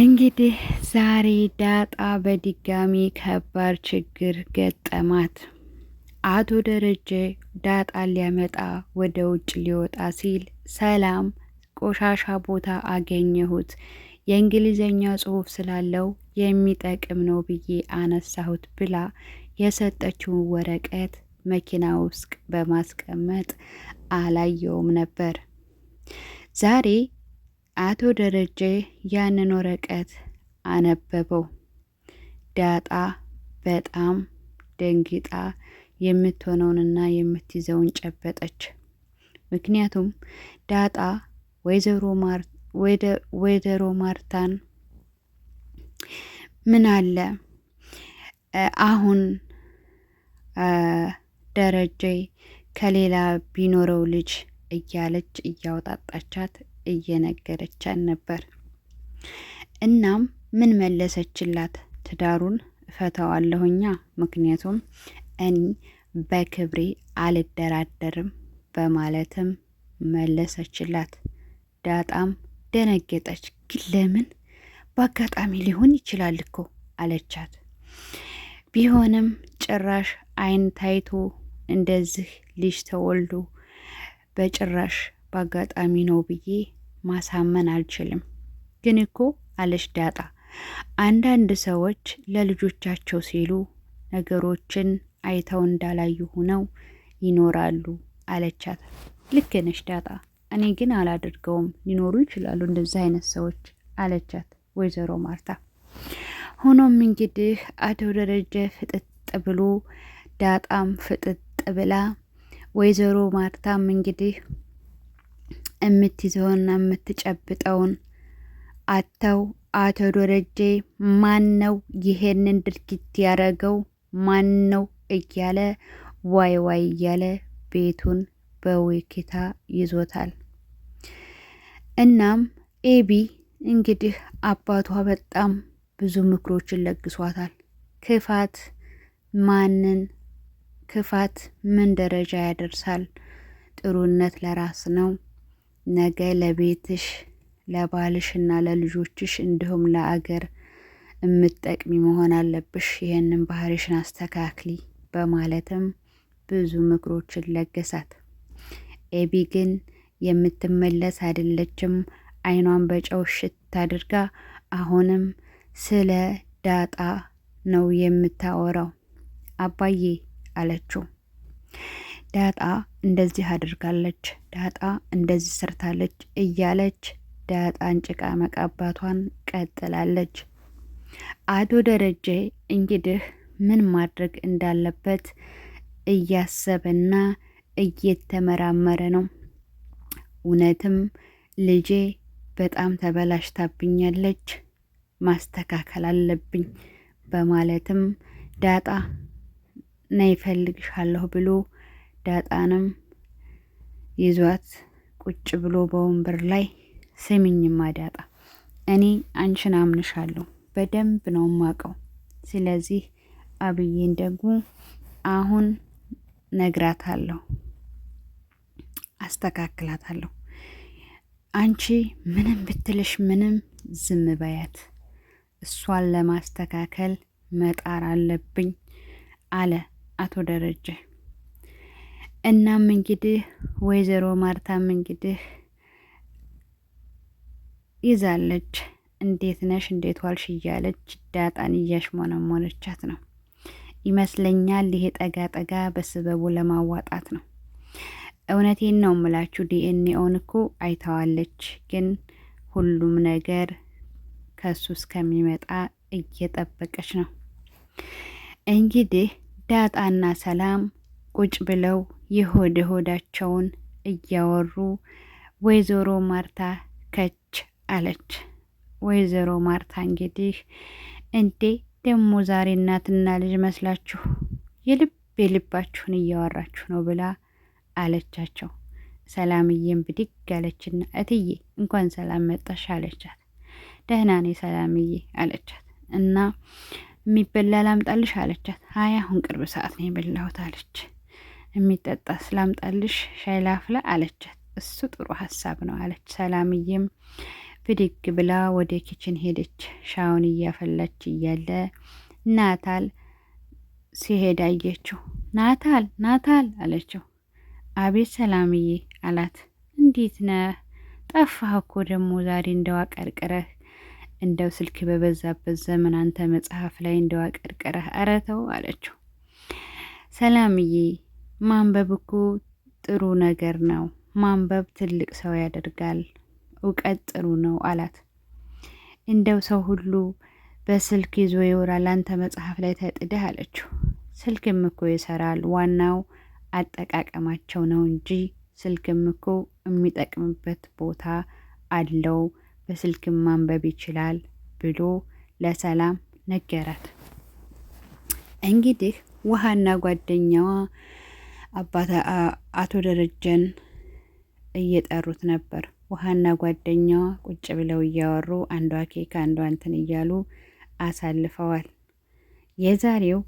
እንግዲህ ዛሬ ዳጣ በድጋሚ ከባድ ችግር ገጠማት። አቶ ደረጀ ዳጣ ሊያመጣ ወደ ውጭ ሊወጣ ሲል ሰላም ቆሻሻ ቦታ አገኘሁት። የእንግሊዘኛ ጽሑፍ ስላለው የሚጠቅም ነው ብዬ አነሳሁት ብላ የሰጠችውን ወረቀት መኪና ውስጥ በማስቀመጥ አላየውም ነበር ዛሬ አቶ ደረጀ ያንን ወረቀት አነበበው። ዳጣ በጣም ደንግጣ የምትሆነውንና የምትይዘውን ጨበጠች። ምክንያቱም ዳጣ ወይዘሮ ማርታን ምን አለ አሁን ደረጀ ከሌላ ቢኖረው ልጅ እያለች እያወጣጣቻት እየነገረቻን ነበር። እናም ምን መለሰችላት? ትዳሩን እፈታዋለሁኛ ምክንያቱም እኔ በክብሬ አልደራደርም በማለትም መለሰችላት። ዳጣም ደነገጠች። ግን ለምን? በአጋጣሚ ሊሆን ይችላል እኮ አለቻት። ቢሆንም ጭራሽ አይን ታይቶ እንደዚህ ልጅ ተወልዶ በጭራሽ በአጋጣሚ ነው ብዬ ማሳመን አልችልም። ግን እኮ አለች ዳጣ፣ አንዳንድ ሰዎች ለልጆቻቸው ሲሉ ነገሮችን አይተው እንዳላዩ ሆነው ይኖራሉ አለቻት። ልክ ነሽ ዳጣ፣ እኔ ግን አላደርገውም። ሊኖሩ ይችላሉ እንደዚህ አይነት ሰዎች አለቻት ወይዘሮ ማርታ። ሆኖም እንግዲህ አቶ ደረጀ ፍጥጥ ብሎ ዳጣም ፍጥጥ ብላ ወይዘሮ ማርታም እንግዲህ የምትይዘውና የምትጨብጠውን አተው አቶ ደረጀ ማን ነው ይሄንን ድርጊት ያደረገው? ማን ነው እያለ ዋይ ዋይ እያለ ቤቱን በውኪታ ይዞታል። እናም ኤቢ እንግዲህ አባቷ በጣም ብዙ ምክሮችን ለግሷታል። ክፋት ማንን ክፋት ምን ደረጃ ያደርሳል? ጥሩነት ለራስ ነው። ነገ ለቤትሽ ለባልሽ እና ለልጆችሽ እንዲሁም ለአገር እምትጠቅሚ መሆን አለብሽ። ይህንን ባህሪሽን አስተካክሊ በማለትም ብዙ ምክሮችን ለገሳት። ኤቢ ግን የምትመለስ አይደለችም። አይኗን በጨው ሽት አድርጋ አሁንም ስለ ዳጣ ነው የምታወራው። አባዬ አለችው። ዳጣ እንደዚህ አድርጋለች፣ ዳጣ እንደዚህ ሰርታለች እያለች ዳጣን ጭቃ መቀባቷን ቀጥላለች። አቶ ደረጀ እንግዲህ ምን ማድረግ እንዳለበት እያሰበና እየተመራመረ ነው። እውነትም ልጄ በጣም ተበላሽታብኛለች፣ ማስተካከል አለብኝ በማለትም ዳጣ ነይ ብሎ ዳጣንም ይዟት ቁጭ ብሎ በወንበር ላይ ስሚኝማ ዳጣ፣ እኔ አንቺን አምንሻለሁ በደንብ ነው ማቀው። ስለዚህ አብዬን ደግሞ አሁን ነግራታለሁ፣ አስተካክላታለሁ። አንቺ ምንም ብትልሽ ምንም ዝም በያት፣ እሷን ለማስተካከል መጣር አለብኝ አለ አቶ ደረጀ። እናም እንግዲህ ወይዘሮ ማርታም እንግዲህ ይዛለች። እንዴት ነሽ እንዴት ዋልሽ እያለች ዳጣን እያሽሞነሞነቻት ነው ይመስለኛል። ይሄ ጠጋ ጠጋ በስበቡ ለማዋጣት ነው። እውነቴን ነው የምላችሁ። ዲኤንኤውን እኮ አይተዋለች፣ ግን ሁሉም ነገር ከሱ እስከሚመጣ እየጠበቀች ነው። እንግዲህ ዳጣና ሰላም ቁጭ ብለው የሆድ ሆዳቸውን እያወሩ ወይዘሮ ማርታ ከች አለች። ወይዘሮ ማርታ እንግዲህ እንዴ ደግሞ ዛሬ እናትና ልጅ መስላችሁ የልብ የልባችሁን እያወራችሁ ነው ብላ አለቻቸው። ሰላምዬን ብድግ አለችና እትዬ እንኳን ሰላም መጣሽ አለቻት። ደህና ነኝ ሰላምዬ አለቻት። እና የሚበላ ላምጣልሽ አለቻት። ሀያ አሁን ቅርብ ሰዓት ነው የበላሁት አለች። የሚጠጣ ስላምጣልሽ ሻይ ላፍላ አለቻት። እሱ ጥሩ ሀሳብ ነው አለች። ሰላምዬም ብድግ ብላ ወደ ኪችን ሄደች። ሻውን እያፈላች እያለ ናታል ሲሄድ አየችው። ናታል ናታል አለችው። አቤት ሰላምዬ አላት። እንዴት ነ ጠፋህ እኮ ደግሞ ዛሬ ቀርቅረህ እንደው ስልክ በበዛበት ዘመን አንተ መጽሐፍ ላይ እንደዋ እንደዋቀርቅረህ አረተው አለችው ሰላምዬ ማንበብ እኮ ጥሩ ነገር ነው። ማንበብ ትልቅ ሰው ያደርጋል። እውቀት ጥሩ ነው አላት። እንደው ሰው ሁሉ በስልክ ይዞ ይወራል፣ አንተ መጽሐፍ ላይ ተጥደህ አለችው። ስልክም እኮ ይሰራል፣ ዋናው አጠቃቀማቸው ነው እንጂ ስልክም እኮ የሚጠቅምበት ቦታ አለው፣ በስልክም ማንበብ ይችላል ብሎ ለሰላም ነገራት። እንግዲህ ውሃና ጓደኛዋ አባት አቶ ደረጀን እየጠሩት ነበር። ውሃና ጓደኛዋ ቁጭ ብለው እያወሩ አንዷ ኬክ አንዷ እንትን እያሉ አሳልፈዋል። የዛሬው